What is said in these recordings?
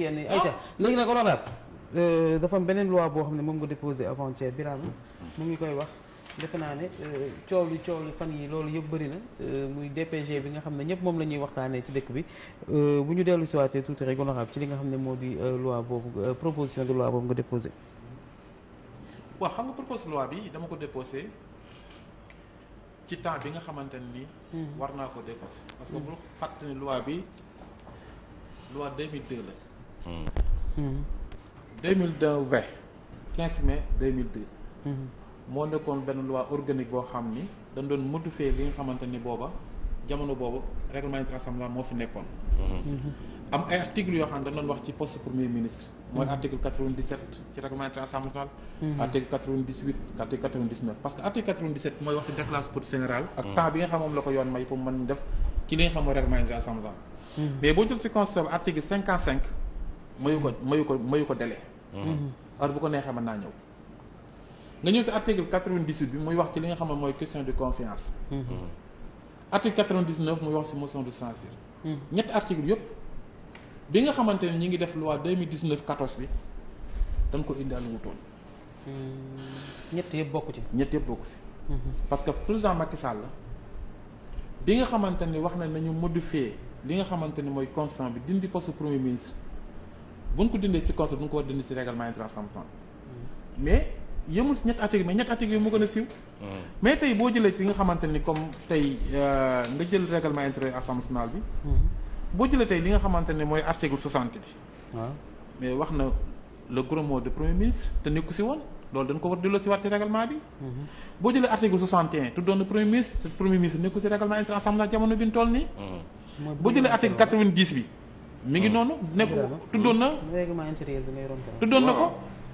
yenn yi ayca léegi nag honorable euh, dafa am beneen loi boo xam ne moom nga déposé avant-hier Birame mu ngi koy wax defe naa ne euh, coow li coow li fan yi loolu yëpp bëri na euh, muy DPG bi nga xam ne ñëpp moom la ñuy waxtaanee ci dëkk bi bu ñu dellu si waatee tuuti rek honorable ci li nga xam ne moo di loi boobu proposition de loi boobu nga déposé waaw xam nga proposition loi bi dama ko déposé ci temps bi nga xamante ne ni hmm. war naa ko déposé parce que hmm. bu fàttali loi bi loi 2002 la deux mille vingt quinze mai deux mille deux moo nekkoon benn loi organique boo xam ni dañ doon modifier li nga xamante ni booba jamono boobu règlement intérieur assemblée moo fi nekkoon. Mm-hmm. am ay ci poste premier ministre. article 97 ci règlement intérieur assemblée nationale. Mm-hmm. article 98 parce que article 97 mooy wax si déclaration politique générale. ak temps bi nga xam moom la ko yoon may pour mën def ci li nga xam mooy règlement intérieur mm-hmm. mais boo jël si constitution bi mayu ko mayu ko mayu ko délai. Mhm. heure bu ko neexee mën naa ñëw. nga ñëw si article quatre-vingt-dix-huit bi muy wax ci li nga xam ne mooy question de confiance. Mhm. article quatre-vingt-dix-neuf muy wax si motion de censure. Mhm. ñetti article yëpp bi nga xamante ne ñu ngi def loi deux mille dix-neuf quatorze bi dañ ko india àll wutoon. Hmm. ñett yëpp bokku ci. ñett yëpp bokku parce que président Macky Sall bi nga xamante ne wax na nañu modifier li nga xamante ne mooy constitution bi dindi poste premier ministre. buñ ko dindee ci code bu ñu ko war dindi ci règlement intérieur assemblée mais yëmul ci ñetti article mais ñetti article yi mu gën a siiw mais tey boo jëlee ci li nga xamante ni comme tey euh, nga jël règlement intérieur assemblée nationale bi boo jëlee tey li nga xamante ne mooy article soixante bi mais wax na le gros mot de premier ministre te nekku ci woon loolu dañ ko war delloo ci waat ci règlement bi boo jëlee article soixante et un tuddoon na premier ministre te premier ministre nekku ci règlement intérieur assemblée jamono bi ñu toll nii boo jëlee article quatre vingt bi mi ngi noonu. Ah. nekk tuddoon na. règlement intérieur bi ngay rompé. tuddoon na ko.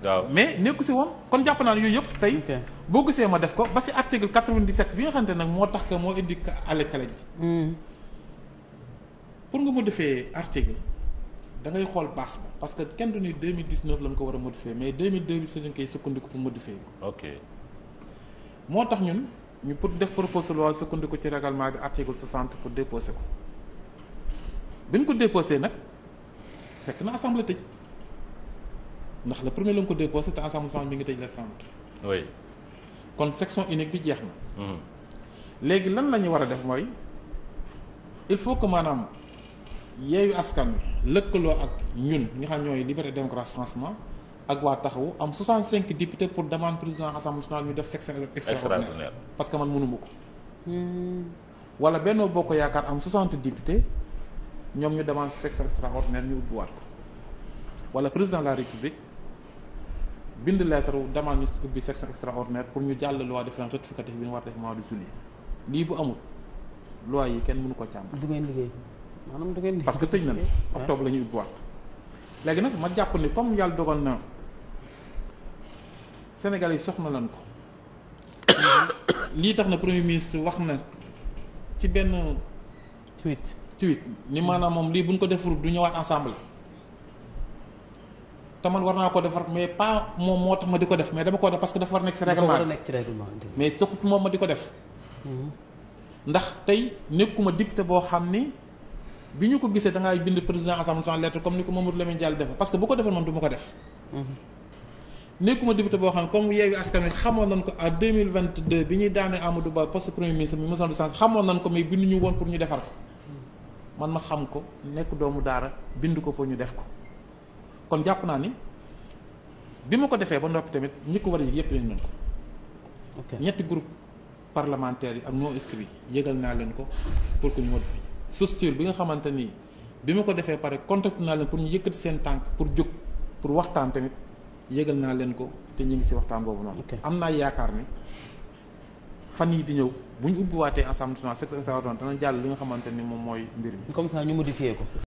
waaw mais nekku si woon kon jàpp naa yooyu yëpp tey. boo gisee ma def ko ba si article 97 bi nga xamante nag moo tax que moo indi alekale ji. Hmm. pour nga modifier article da ngay xool base ba parce que kenn du ni 2019 la ñu ko war a modifier mais 2002 bi si lañ koy ko pour modifier moo tax ñun ñu pour def proposition de loi sukkandiku ci règlement bi article 60 pour déposer ko. bañ ko déposé nag fekk na assemblée tëj ndax le premier la nga ko déposé te assemblée sànq bi ngi tëj la 30. kon section unique bi jeex na. Mm-hmm. léegi lan la ñu war a def mooy il faut que maanaam yeeyu askan wi lëkkaloo ak ñun ñi xam ñooy liberté démocratie franchement ak waa taxawu am 65 députés pour demande président assemblée nationale ñu def section extraordinaire parce que man mënu ma ko. Hmm. wala Benno Bokk Yaakaar am 60 députés. ñoom ñu demande section extraordinaire ñu ubbiwaat ko wala président de la république bind lettre demande ñu ubbi section extraordinaire pour ñu jàll loi de finances rectificative bi ñu war def mois de juillet lii bu amul loi yi kenn mënu ko càmbar. du ngeen liggéey maanaam du ngeen liggéey parce que tëj nañ octobre la ñu ubbiwaat léegi nag ma jàpp ni comme yàlla dogal na Sénégal yi soxna lan ko lii tax na premier ministre wax na ci benn tweet tweet ni maanaam moom lii buñ ko deful du ñëwaat ensemble te man war naa ko defar mais pas moom moo tax ma di ko def mais dama ko def parce nekk ci règlement mais taxut moom ma mm-hmm. xam ni bi ñu ko gisee da ngay bind président bu ko defee man du ko def mm-hmm. nekkuma député boo xam ne comme yeewi askan wi xamoon nañ ko à bi ñuy daanee Amadou Ba poste premier ministre mi motion de censure xamoon nañ ko mais binduñu woon pour ñu defar man ma xam ko nekk doomu daara bind ko fa ñu def ko kon jàpp naa ni bi ma ko defee ba noppi tamit ñu ko war a yëpp leen nañ ko ñetti groupe parlementaire yi ak non inscrits yëgal naa leen ko pour que ñu modifié société bi nga xamante ni bi ma ko defee pare contact naa leen pour ñu yëkkati seen tànk pour jóg pour waxtaan tamit yëgal naa leen ko te ñu ngi si waxtaan boobu noonu am naa yaakaar ni fan yi di ñëw bu ñu ubbiwaatee assemblée nationale secrétariat danañ jàll li nga xamante moom mooy mbir mi. comme ça ñu modifié ko.